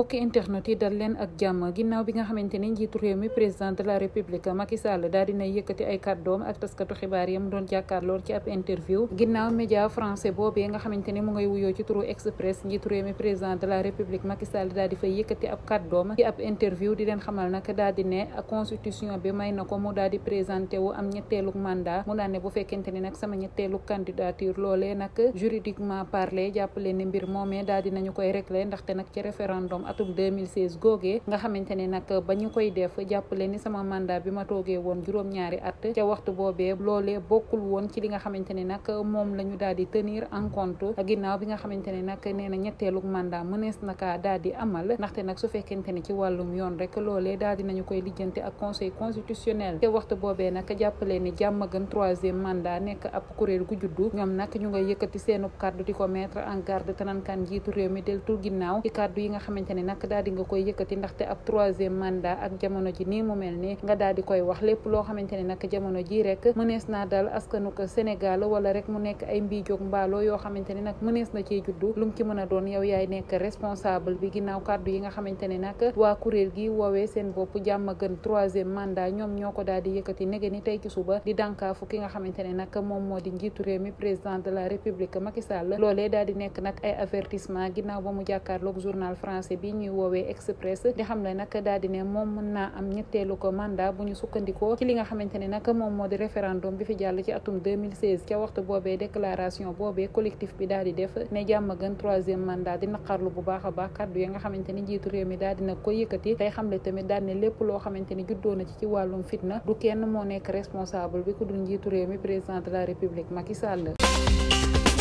mbokki internet yi dal leen ak jàmm ginnaaw bi nga xamante ni njiitu réew mi président de la république Macky Sall daal dina yëkkati ay kàddoom ak taskatu xibaar yam doon jàkkaarlool ci ab interview ginnaaw média français boobee nga xamante mu ngay wuyoo ci turu express njiitu mi président de la république Macky Sall di fay yëkkati ab kàddoom ci ab interview di leen xamal nag daal di ne constitution bi may na ko mu daal di présenté wu am ñetteelu mandat atum 2016 googee nga xamante ne nag koy def jàppale ni sama mandat bima ma won woon juróom-ñaari at ca waxtu boobee loolee bokul won, ci li nga xamante ne nag moom la ñu daal di tenir en compte ginnaaw bi nga xamante ne na mandat di amal ndaxte nag su fekkente ne ci wàllum yoon rek loolee daal nañu koy lijjante ak conseil constitutionnel te waxtu boobee nag jàppale ni jàmm gën troisième mandat nekk ab kuréel gu juddu ñoom nag ñu nga yëkkati seenub kàddu di ko mettre en garde tanankaan njiitu réew mi del tul ginnaaw ci kàddu yi nga ni nag daal di nga koy yëkkati ndaxte ab troisième mandat ak jamono ji nii mu mel ni nga daal koy wax lépp loo xamante ne nag jamono ji rek mënees naa dal askanu ko Sénégal wala rek mu nekk ay mbii jóg mbaaloo yoo xamante ne nag mënees na ciy juddu lu mu ci mën a doon yow yaay nekk responsable bi ginnaaw kàddu yi nga xamante ne nag waa kuréel gi woowee seen bopp jàmm gën troisième mandat ñoom ñoo ko daal di yëkkati nege ni tey ci suba di dànkaafu ki nga xamante ne moom moo di njiitu réew mi la république Macky Sall loolee daal di nekk nag ay bi ñuy woowee express di xam ne nag daal di ne moom mën na am ñetteelu ko mandat bu ñu sukkandikoo ci li nga xamante ne nag moom moo di référendum bi fi jàll ci atum 2016 ca waxtu boobee déclaration boobee collectif bi daal di def ne jàmm gën troisième mandat di naqarlu bu baax a kàddu ya nga xamante ne njiitu réew mi daal dina ko yëkkati tey xamle tamit daal ne lépp loo xamante ne juddoo na ci ci wàllum fitna du kenn moo nekk responsable bi ku dul njiitu réew mi président de la république Macky